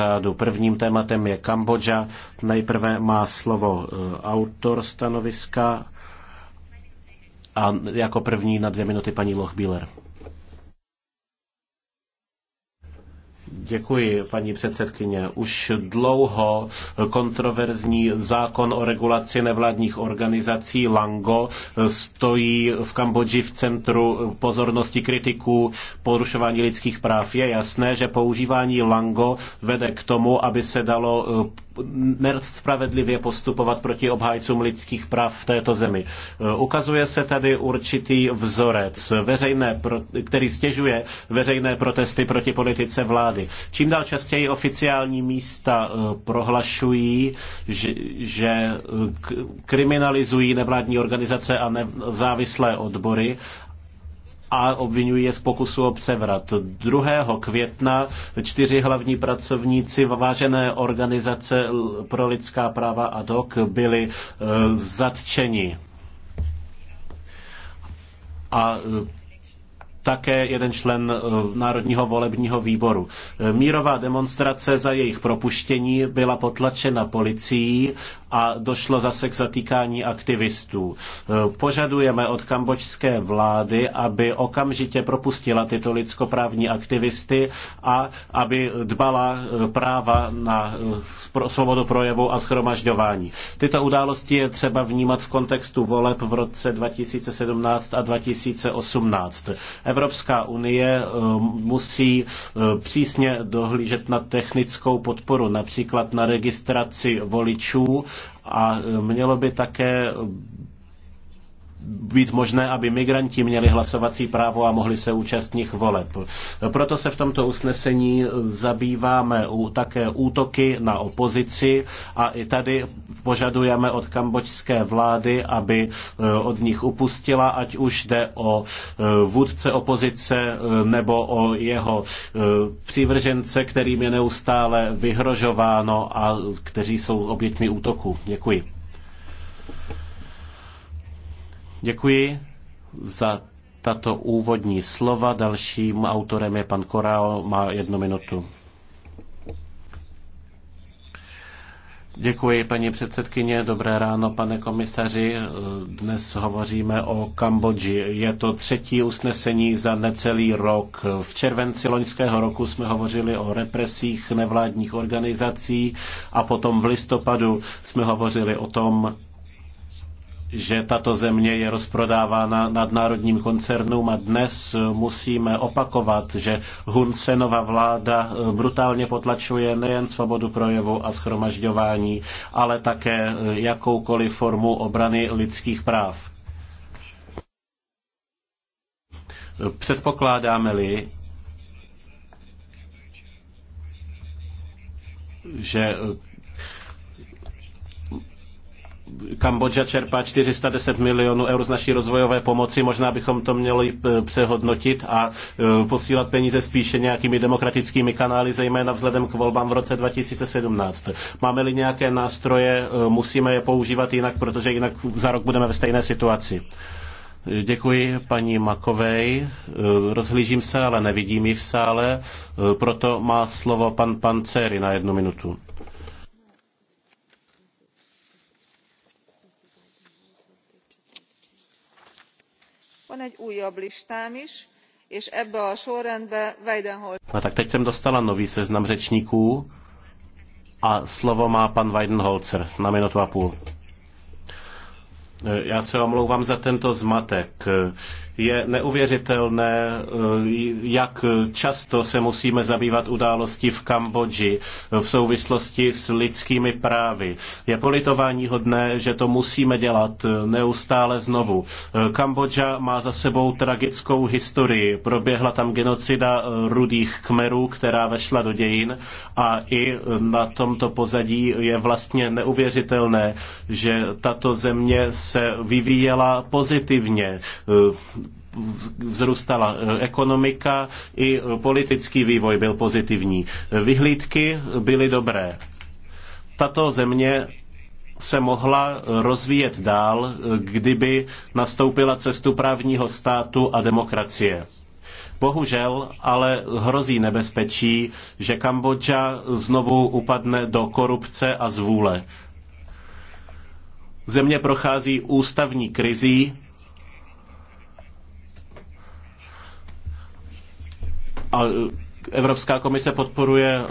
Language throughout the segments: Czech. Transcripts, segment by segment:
řádu. Prvním tématem je Kambodža. Nejprve má slovo eh, autor stanoviska a jako první na dvě minuty paní Lochbíler. Děkuji, paní předsedkyně. Už dlouho kontroverzní zákon o regulaci nevládních organizací Lango stojí v Kambodži v centru pozornosti kritiků porušování lidských práv. Je jasné, že používání Lango vede k tomu, aby se dalo eh, spravedlivě postupovat proti obhájcům lidských práv v této zemi. Eh, ukazuje se tady určitý vzorec, veřejné, který stěžuje veřejné protesty proti politice vlády vlády. Čím dál častěji oficiální místa eh, prohlašují, že, že eh, kriminalizují nevládní organizace a nezávislé odbory a obvinují je z pokusu o převrat. 2. května čtyři hlavní pracovníci vážené organizace pro lidská práva a DOK byli eh, zatčeni. A také jeden člen eh, Národního volebního výboru. Eh, mírová demonstrace za jejich propuštění byla potlačena policií a došlo zase k zatýkání aktivistů. Eh, požadujeme od kambočské vlády, aby okamžitě propustila tyto lidskoprávní aktivisty a aby dbala práva na svobodu projevu a schromažďování. Tyto události je třeba vnímat v kontextu voleb v roce 2017 a 2018. Evropská unie eh, musí eh, přísně dohlížet na technickou podporu, například na registraci voličů a eh, mělo by také být možné, aby migranti měli hlasovací právo a mohli se účastnit voleb. Proto se v tomto usnesení zabýváme u také útoky na opozici a i tady požadujeme od kambočské vlády, aby e, od nich upustila, ať už jde o e, vůdce opozice e, nebo o jeho přívržence, kterým je neustále vyhrožováno a kteří jsou obětmi útoku. Děkuji. Děkuji za tato úvodní slova. Dalším autorem je pan Korál, má jednu minutu. Děkuji, paní předsedkyně. Dobré ráno, pane komisaři. Dnes hovoříme o Kambodži. Je to třetí usnesení za necelý rok. V červenci loňského roku jsme hovořili o represích nevládních organizací a potom v listopadu jsme hovořili o tom, že tato země je rozprodávána nadnárodním koncernům a dnes musíme opakovat, že Hunsenova vláda brutálně potlačuje nejen svobodu projevu a schromažďování, ale také jakoukoliv formu obrany lidských práv. Předpokládáme-li, že Kambodža čerpá 410 milionů eur z naší rozvojové pomoci, možná bychom to měli eh, přehodnotit a eh, posílat peníze spíše nějakými demokratickými kanály, zejména vzhledem k volbám v roce 2017. Máme-li nějaké nástroje, eh, musíme je používat jinak, protože jinak za rok budeme ve stejné situaci. Děkuji paní Makovej. Rozhlížím se, ale nevidím ji v sále, proto má slovo pan Panceri na jednu minutu. Van egy újabb listám is, és ebbe a sorrendbe Weidenholz. No, tak teď jsem dostala nový seznam řečníků a slovo má pan Weidenholzer na minutu a půl. E, já se omlouvám za tento zmatek. E, je neuvěřitelné, eh, jak často se musíme zabývat události v Kambodži v souvislosti s lidskými právy. Je politování hodné, že to musíme dělat neustále znovu. Eh, Kambodža má za sebou tragickou historii. Proběhla tam genocida eh, rudých kmerů, která vešla do dějin a i na tomto pozadí je vlastně neuvěřitelné, že tato země se vyvíjela pozitivně vzrůstala eh, ekonomika, i eh, politický vývoj byl pozitivní. Eh, vyhlídky byly dobré. Tato země se mohla rozvíjet dál, kdyby nastoupila cestu právního státu a demokracie. Bohužel ale hrozí nebezpečí, že Kambodža znovu upadne do korupce a zvůle. Země prochází ústavní krizí, A e, Evropská komise podporuje e,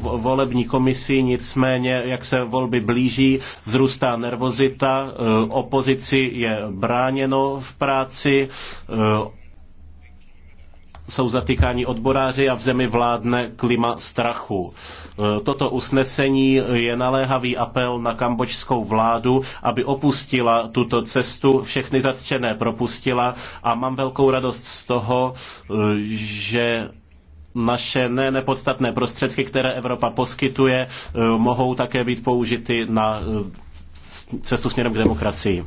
volební komisi, nicméně, jak se volby blíží, vzrůstá nervozita, e, opozici je bráněno v práci, jsou zatýkáni odboráři a v zemi vládne klima strachu. Toto usnesení je naléhavý apel na kambočskou vládu, aby opustila tuto cestu, všechny zatčené propustila a mám velkou radost z toho, že naše ne nepodstatné prostředky, které Evropa poskytuje, eh, mohou také být použity na eh, cestu směrem k demokracii.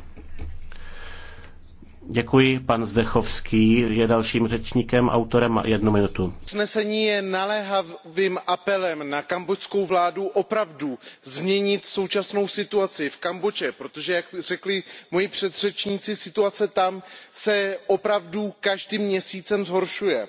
Děkuji, pan Zdechovský je dalším řečníkem, autorem a jednu minutu. Snesení je naléhavým apelem na kambodžskou vládu opravdu změnit současnou situaci v Kambodži, protože, jak řekli moji předřečníci, situace tam se opravdu každým měsícem zhoršuje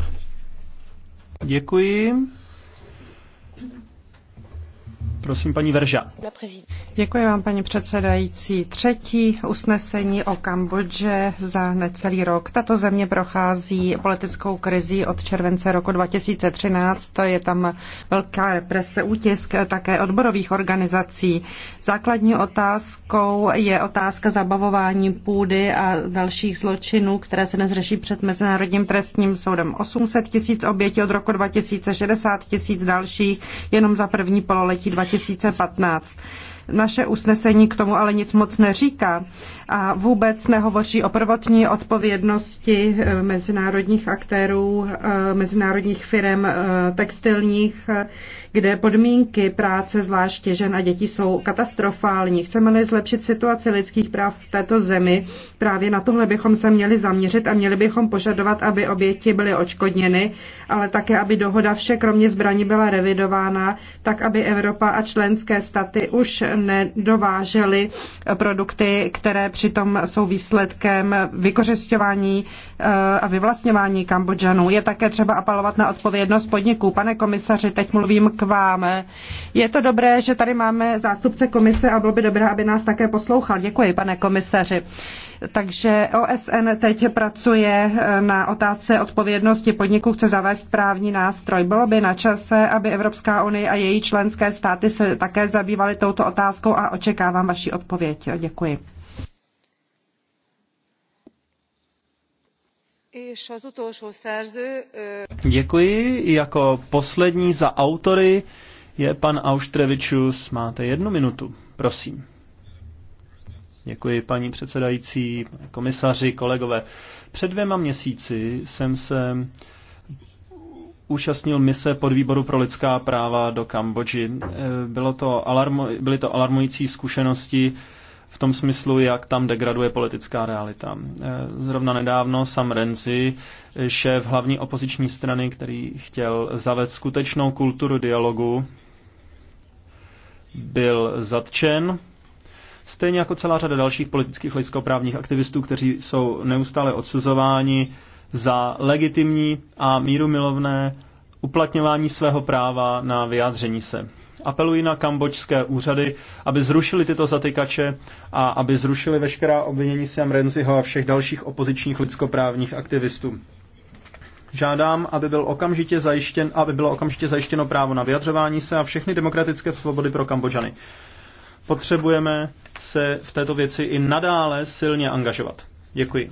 Děkuji. Prosím, paní Verža. Děkuji vám, paní předsedající. Třetí usnesení o Kambodži za necelý rok. Tato země prochází politickou krizi od července roku 2013. Je tam velká represe, útisk také odborových organizací. Základní otázkou je otázka zabavování půdy a dalších zločinů, které se řeší před Mezinárodním trestním soudem. 800 tisíc obětí od roku 2060 tisíc dalších jenom za první pololetí 2020. 2015. Naše usnesení k tomu ale nic moc neříká a vůbec nehovoří o prvotní odpovědnosti eh, mezinárodních aktérů, eh, mezinárodních firm eh, textilních, kde podmínky práce zvláště žen a dětí jsou katastrofální. Chceme-li zlepšit situaci lidských práv v této zemi, právě na tohle bychom se měli zaměřit a měli bychom požadovat, aby oběti byly očkodněny, ale také, aby dohoda vše kromě zbraní byla revidována, tak aby Evropa a členské státy už nedovážely produkty, které přitom jsou výsledkem vykořišťování eh, a vyvlastňování Kambodžanů. Je také třeba apelovat na odpovědnost podniků. Pane komisaři, teď mluvím k vám. Je to dobré, že tady máme zástupce komise a bylo by dobré, aby nás také poslouchal. Děkuji, pane komisaři. Takže OSN teď pracuje eh, na otázce odpovědnosti podniků, chce zavést právní nástroj. Bylo by na čase, aby Evropská unie a její členské státy se také zabývaly touto otázkou otázkou a očekávám vaši odpověď. Děkuji. Děkuji. Jako poslední za autory je pan Auštrevičus. Máte jednu minutu, prosím. Děkuji, paní předsedající, komisaři, kolegové. Před dvěma měsíci jsem se účastnil mise pod výboru pro lidská práva do Kambodži. E, bylo to alarmo, byly to alarmující zkušenosti v tom smyslu, jak tam degraduje politická realita. E, zrovna nedávno Sam Renzi, šéf hlavní opoziční strany, který chtěl zavést skutečnou kulturu dialogu, byl zatčen. Stejně jako celá řada dalších politických lidskoprávních aktivistů, kteří jsou neustále odsuzováni za legitimní a mírumilovné uplatňování svého práva na vyjádření se. Apeluji na kambočské úřady, aby zrušili tyto zatykače a aby zrušili veškerá obvinění Sam Renziho a všech dalších opozičních lidskoprávních aktivistů. Žádám, aby, byl okamžitě zajištěn, aby bylo okamžitě zajištěno právo na vyjadřování se a všechny demokratické svobody pro Kambodžany. Potřebujeme se v této věci i nadále silně angažovat. Děkuji.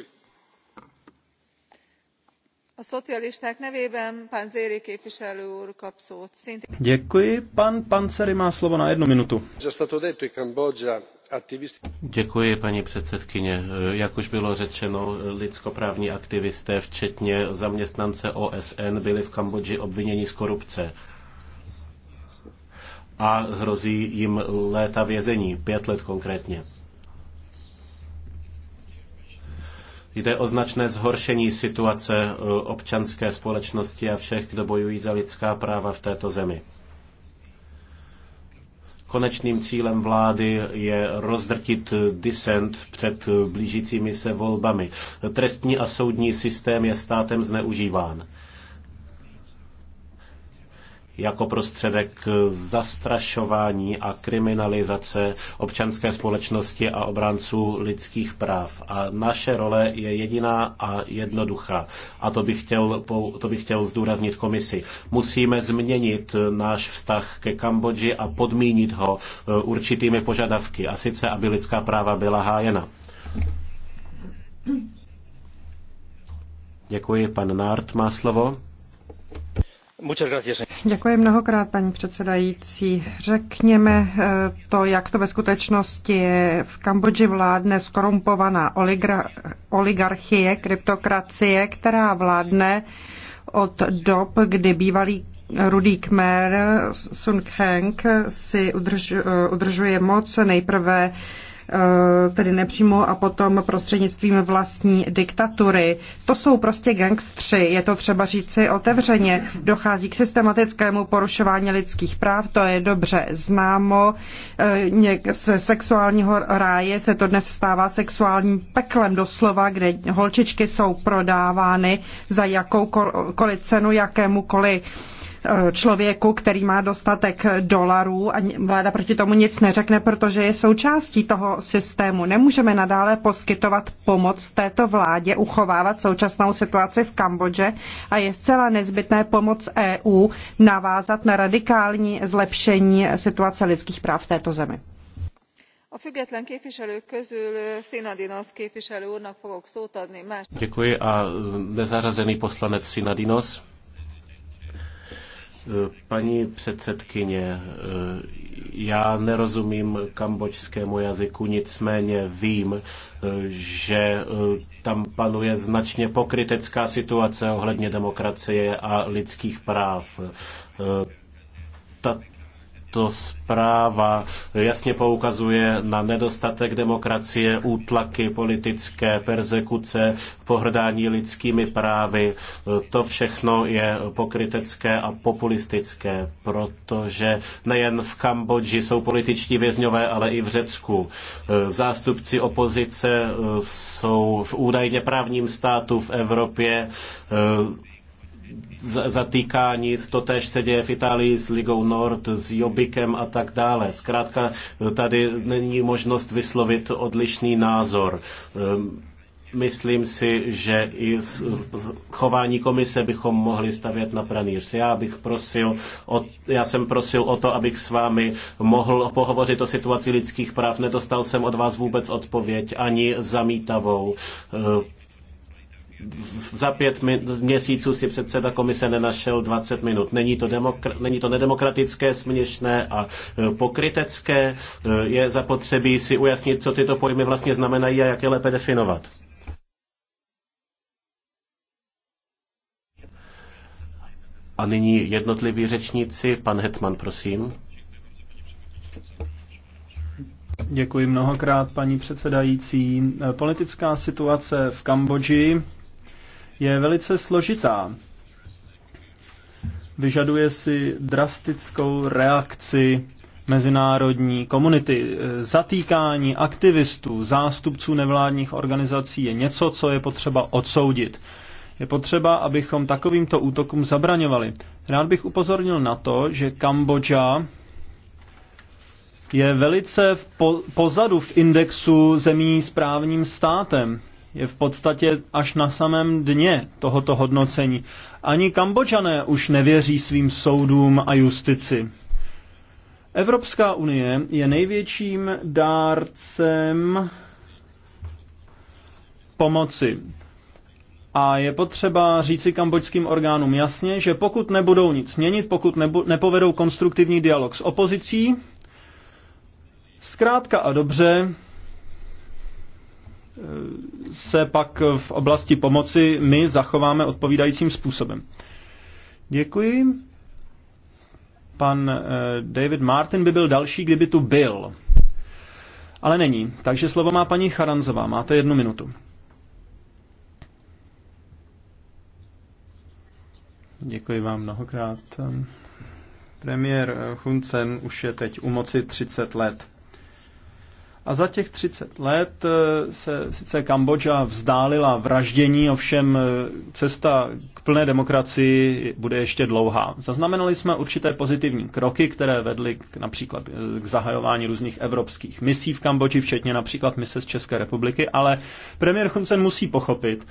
Děkuji. Pan Panzeri má slovo na jednu minutu. Děkuji, paní předsedkyně. Jak už bylo řečeno, lidskoprávní aktivisté, včetně zaměstnance OSN, byli v Kambodži obviněni z korupce a hrozí jim léta vězení, pět let konkrétně. Jde o značné zhoršení situace eh, občanské společnosti a všech, kdo bojují za lidská práva v této zemi. Konečným cílem vlády je rozdrtit disent před blížícími se volbami. Trestní a soudní systém je státem zneužíván jako prostředek zastrašování a kriminalizace občanské společnosti a obránců lidských práv. A naše role je jediná a jednoduchá. A to bych chtěl, to bych chtěl zdůraznit komisi. Musíme změnit náš vztah ke Kambodži a podmínit ho eh, určitými požadavky. A sice, aby lidská práva byla hájena. Děkuji, pan Nárt má slovo. Děkuji mnohokrát, paní předsedající. Řekněme eh, to, jak to ve skutečnosti je. V Kambodži vládne skorumpovaná oligarchie, kryptokracie, která vládne od dob, kdy bývalý rudý kmer Sun Heng si udrž, eh, udržuje moc nejprve Eh, tedy nepřímo a potom prostřednictvím vlastní diktatury. To jsou prostě gangstři, je to třeba říci otevřeně. Dochází k systematickému porušování lidských práv, to je dobře známo. Eh, se sexuálního ráje se to dnes stává sexuálním peklem doslova, kde holčičky jsou prodávány za jakoukoliv cenu jakémukoliv člověku, který má dostatek dolarů a vláda proti tomu nic neřekne, protože je součástí toho systému. Nemůžeme nadále poskytovat pomoc této vládě uchovávat současnou situaci v Kambodži a je zcela nezbytné pomoc EU navázat na radikální zlepšení situace lidských práv v této zemi. Děkuji a nezařazený poslanec Sinadinos. Paní předsedkyně, já nerozumím kambočskému jazyku, nicméně vím, že tam panuje značně pokrytecká situace ohledně demokracie a lidských práv. Ta, tato zpráva jasně poukazuje na nedostatek demokracie, útlaky politické, persekuce, pohrdání lidskými právy. To všechno je pokrytecké a populistické, protože nejen v Kambodži jsou političtí vězňové, ale i v Řecku. Zástupci opozice jsou v údajně právním státu v Evropě zatýkání, to tež se děje v Itálii s Ligou Nord, s Jobikem a tak dále. Zkrátka tady není možnost vyslovit odlišný názor. Ehm, myslím si, že i chování komise bychom mohli stavět na pranýř. Já bych prosil, o, já jsem prosil o to, abych s vámi mohl pohovořit o situaci lidských práv. Nedostal jsem od vás vůbec odpověď, ani zamítavou. Ehm, za pět měsíců si předseda komise nenašel 20 minut. Není to, demokra- není to nedemokratické, směšné a e, pokrytecké. E, je zapotřebí si ujasnit, co tyto pojmy vlastně znamenají a jak je lépe definovat. A nyní jednotliví řečníci. Pan Hetman, prosím. Děkuji mnohokrát, paní předsedající. E, politická situace v Kambodži je velice složitá. Vyžaduje si drastickou reakci mezinárodní komunity. Zatýkání aktivistů, zástupců nevládních organizací je něco, co je potřeba odsoudit. Je potřeba, abychom takovýmto útokům zabraňovali. Rád bych upozornil na to, že Kambodža je velice v po, pozadu v indexu zemí s právním státem je v podstatě až na samém dně tohoto hodnocení. Ani Kambodžané už nevěří svým soudům a justici. Evropská unie je největším dárcem pomoci. A je potřeba říci kambočským orgánům jasně, že pokud nebudou nic měnit, pokud nebu- nepovedou konstruktivní dialog s opozicí, zkrátka a dobře se pak v oblasti pomoci my zachováme odpovídajícím způsobem. Děkuji. Pan eh, David Martin by byl další, kdyby tu byl. Ale není. Takže slovo má paní Charanzová. Máte jednu minutu. Děkuji vám mnohokrát. Premiér Huncen už je teď u moci 30 let. A za těch 30 let eh, se sice Kambodža vzdálila vraždění, ovšem eh, cesta k plné demokracii bude ještě dlouhá. Zaznamenali jsme určité pozitivní kroky, které vedly k, například eh, k zahajování různých evropských misí v Kambodži, včetně například mise z České republiky, ale premiér Hun Sen musí pochopit,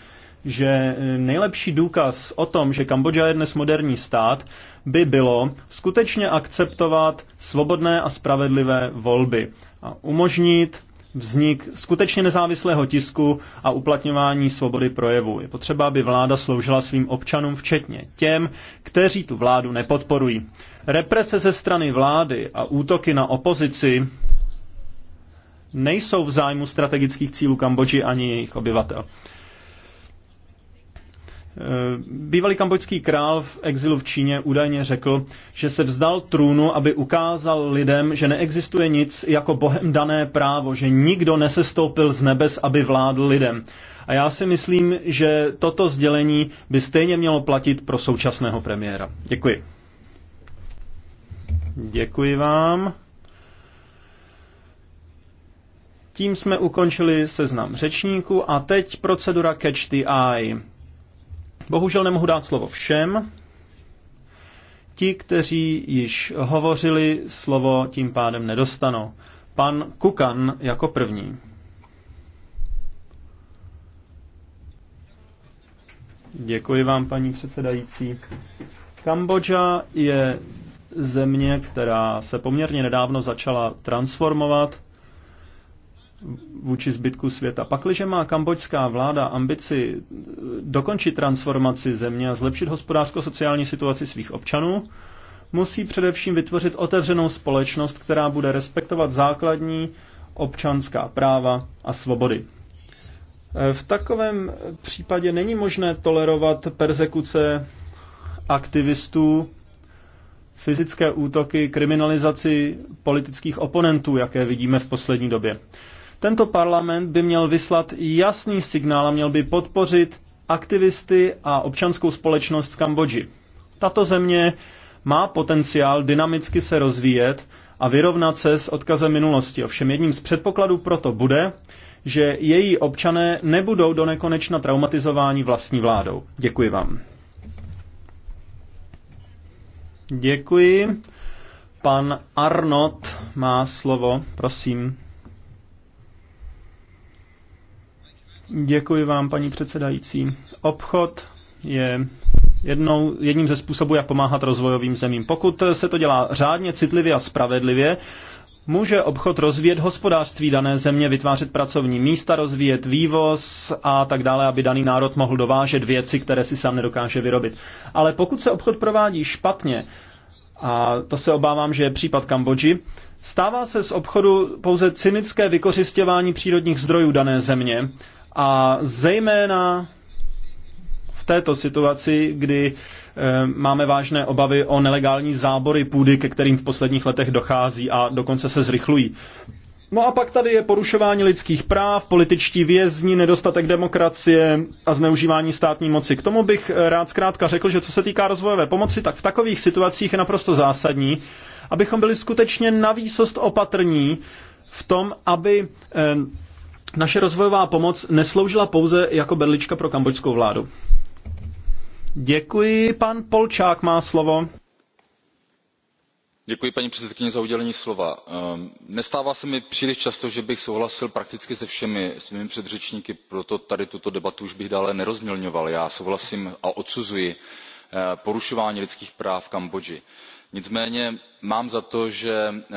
že eh, nejlepší důkaz o tom, že Kambodža je dnes moderní stát, by bylo skutečně akceptovat svobodné a spravedlivé volby a umožnit vznik skutečně nezávislého tisku a uplatňování svobody projevu. Je potřeba, aby vláda sloužila svým občanům, včetně těm, kteří tu vládu nepodporují. Represe ze strany vlády a útoky na opozici nejsou v zájmu strategických cílů Kambodži ani jejich obyvatel. Bývalý kambodžský král v exilu v Číně údajně řekl, že se vzdal trůnu, aby ukázal lidem, že neexistuje nic jako bohem dané právo, že nikdo nesestoupil z nebes, aby vládl lidem. A já si myslím, že toto sdělení by stejně mělo platit pro současného premiéra. Děkuji. Děkuji vám. Tím jsme ukončili seznam řečníků a teď procedura Catch the Eye. Bohužel nemohu dát slovo všem. Ti, kteří již hovořili, slovo tím pádem nedostanou. Pan Kukan jako první. Děkuji vám, paní předsedající. Kambodža je země, která se poměrně nedávno začala transformovat vůči zbytku světa. Pakliže má kambočská vláda ambici dokončit transformaci země a zlepšit hospodářsko-sociální situaci svých občanů, musí především vytvořit otevřenou společnost, která bude respektovat základní občanská práva a svobody. V takovém případě není možné tolerovat persekuce aktivistů, fyzické útoky, kriminalizaci politických oponentů, jaké vidíme v poslední době. Tento parlament by měl vyslat jasný signál a měl by podpořit aktivisty a občanskou společnost v Kambodži. Tato země má potenciál dynamicky se rozvíjet a vyrovnat se s odkazem minulosti. Ovšem jedním z předpokladů proto bude, že její občané nebudou do nekonečna traumatizováni vlastní vládou. Děkuji vám. Děkuji. Pan Arnott má slovo, prosím. Děkuji vám, paní předsedající. Obchod je jednou, jedním ze způsobů, jak pomáhat rozvojovým zemím. Pokud se to dělá řádně, citlivě a spravedlivě, může obchod rozvíjet hospodářství dané země, vytvářet pracovní místa, rozvíjet vývoz a tak dále, aby daný národ mohl dovážet věci, které si sám nedokáže vyrobit. Ale pokud se obchod provádí špatně, a to se obávám, že je případ Kambodži, stává se z obchodu pouze cynické vykořišťování přírodních zdrojů dané země, a zejména v této situaci, kdy eh, máme vážné obavy o nelegální zábory půdy, ke kterým v posledních letech dochází a dokonce se zrychlují. No a pak tady je porušování lidských práv, političtí vězni, nedostatek demokracie a zneužívání státní moci. K tomu bych eh, rád zkrátka řekl, že co se týká rozvojové pomoci, tak v takových situacích je naprosto zásadní, abychom byli skutečně na výsost opatrní v tom, aby eh, naše rozvojová pomoc nesloužila pouze jako berlička pro kambočskou vládu. Děkuji, pan Polčák má slovo. Děkuji, paní slova. Ehm, nestává se mi příliš často že bych souhlasil prakticky se všemi svými předřečníky proto tady tuto debatu už bych dále nerozmělňoval. já souhlasím a odsuzuji eh, porušování lidských práv v kambodži nicméně mám za to že eh,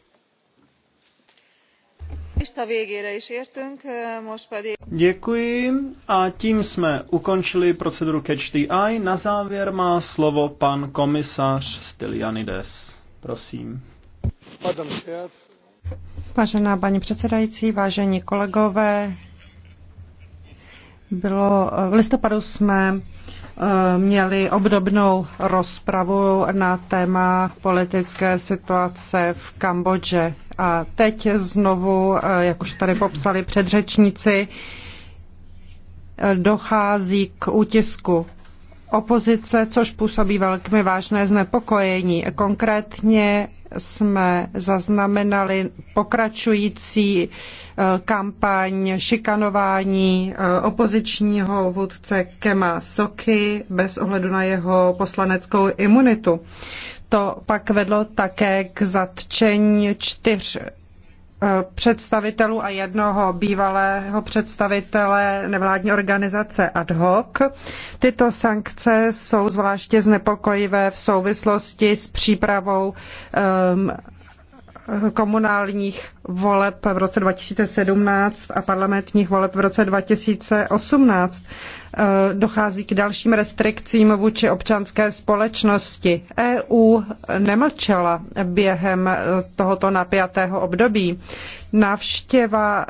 Eh, Děkuji a tím jsme ukončili proceduru Catch the Eye. Na závěr má slovo pan komisař Stylianides. Prosím. Vážená paní předsedající, vážení kolegové, bylo, v listopadu jsme eh, měli obdobnou rozpravu na téma politické situace v Kambodži. A teď znovu, eh, jak už tady popsali předřečníci, eh, dochází k útisku opozice, což působí velkými vážné znepokojení. Konkrétně jsme zaznamenali pokračující eh, kampaň šikanování eh, opozičního vůdce Kema Soky bez ohledu na jeho poslaneckou imunitu. To pak vedlo také k zatčení čtyř Eh, představitelů a jednoho bývalého představitele nevládní organizace ad hoc. Tyto sankce jsou zvláště znepokojivé v souvislosti s přípravou um, komunálních voleb v roce 2017 a parlamentních voleb v roce 2018 eh, dochází k dalším restrikcím vůči občanské společnosti. EU nemlčela během eh, tohoto napjatého období. Návštěva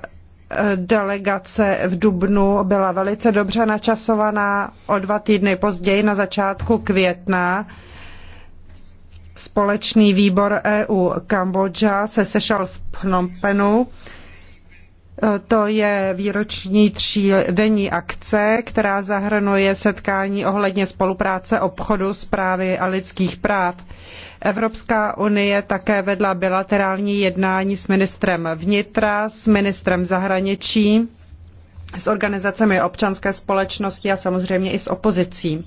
eh, delegace v Dubnu byla velice dobře načasovaná o dva týdny později na začátku května Společný výbor EU Kambodža se sešel v Phnom Penhu. To je výroční třídenní akce, která zahrnuje setkání ohledně spolupráce obchodu, zprávy a lidských práv. Evropská unie také vedla bilaterální jednání s ministrem vnitra, s ministrem zahraničí, s organizacemi občanské společnosti a samozřejmě i s opozicí.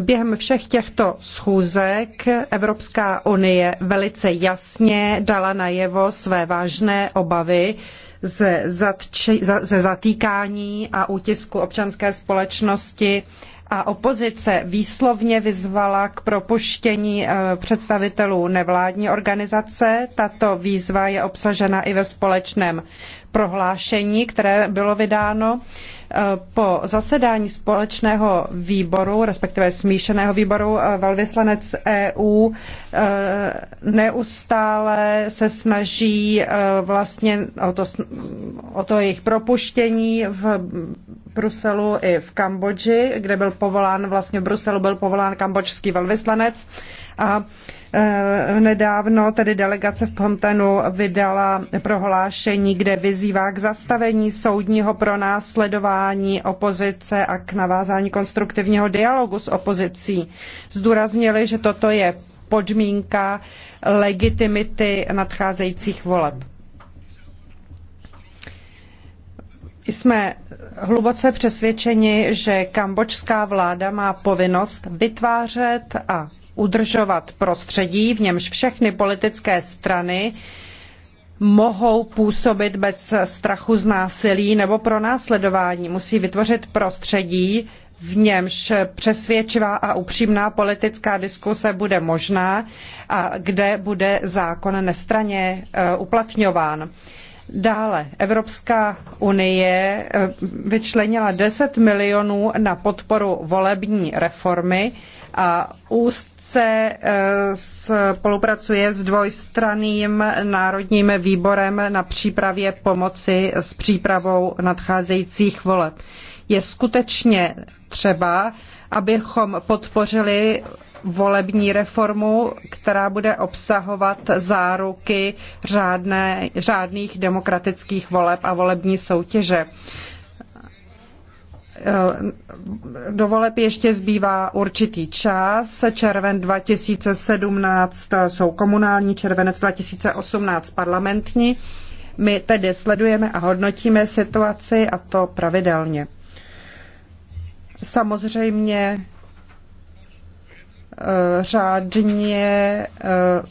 Během všech těchto schůzek Evropská unie velice jasně dala najevo své vážné obavy ze, zatči, ze zatýkání a útisku občanské společnosti a opozice výslovně vyzvala k propuštění eh, představitelů nevládní organizace. Tato výzva je obsažena i ve společném prohlášení, které bylo vydáno eh, po zasedání společného výboru, respektive smíšeného výboru, eh, velvyslanec EU neustále se snaží vlastně o to, o to jejich propuštění v Bruselu i v Kambodži, kde byl povolán, vlastně v Bruselu byl povolán kambočský velvyslanec a e, nedávno tedy delegace v Pontenu vydala prohlášení, kde vyzývá k zastavení soudního pronásledování opozice a k navázání konstruktivního dialogu s opozicí. Zdůraznili, že toto je podmínka legitimity nadcházejících voleb. jsme hluboce přesvědčeni, že kambočská vláda má povinnost vytvářet a udržovat prostředí, v němž všechny politické strany mohou působit bez strachu z násilí nebo pronásledování. Musí vytvořit prostředí, v němž přesvědčivá a upřímná politická diskuse bude možná a kde bude zákon nestraně eh, uplatňován. Dále Evropská unie eh, vyčlenila 10 milionů na podporu volební reformy a úzce eh, spolupracuje s dvojstranným národním výborem na přípravě pomoci s přípravou nadcházejících voleb. Je skutečně třeba, abychom podpořili volební reformu, která bude obsahovat záruky řádné, řádných demokratických voleb a volební soutěže. Eh, do voleb ještě zbývá určitý čas. Červen 2017 jsou komunální, červenec 2018 parlamentní. My tedy sledujeme a hodnotíme situaci a to pravidelně. Samozřejmě Eh, řádně eh,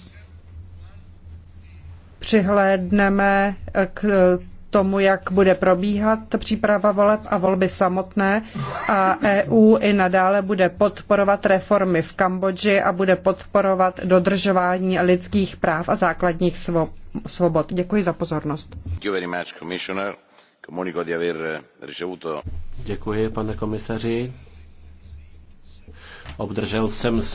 přihlédneme eh, k tomu, jak bude probíhat příprava voleb a volby samotné a EU i nadále bude podporovat reformy v Kambodži a bude podporovat dodržování lidských práv a základních svobod. Děkuji za pozornost. Děkuji, pane komisaři. Obdržel jsem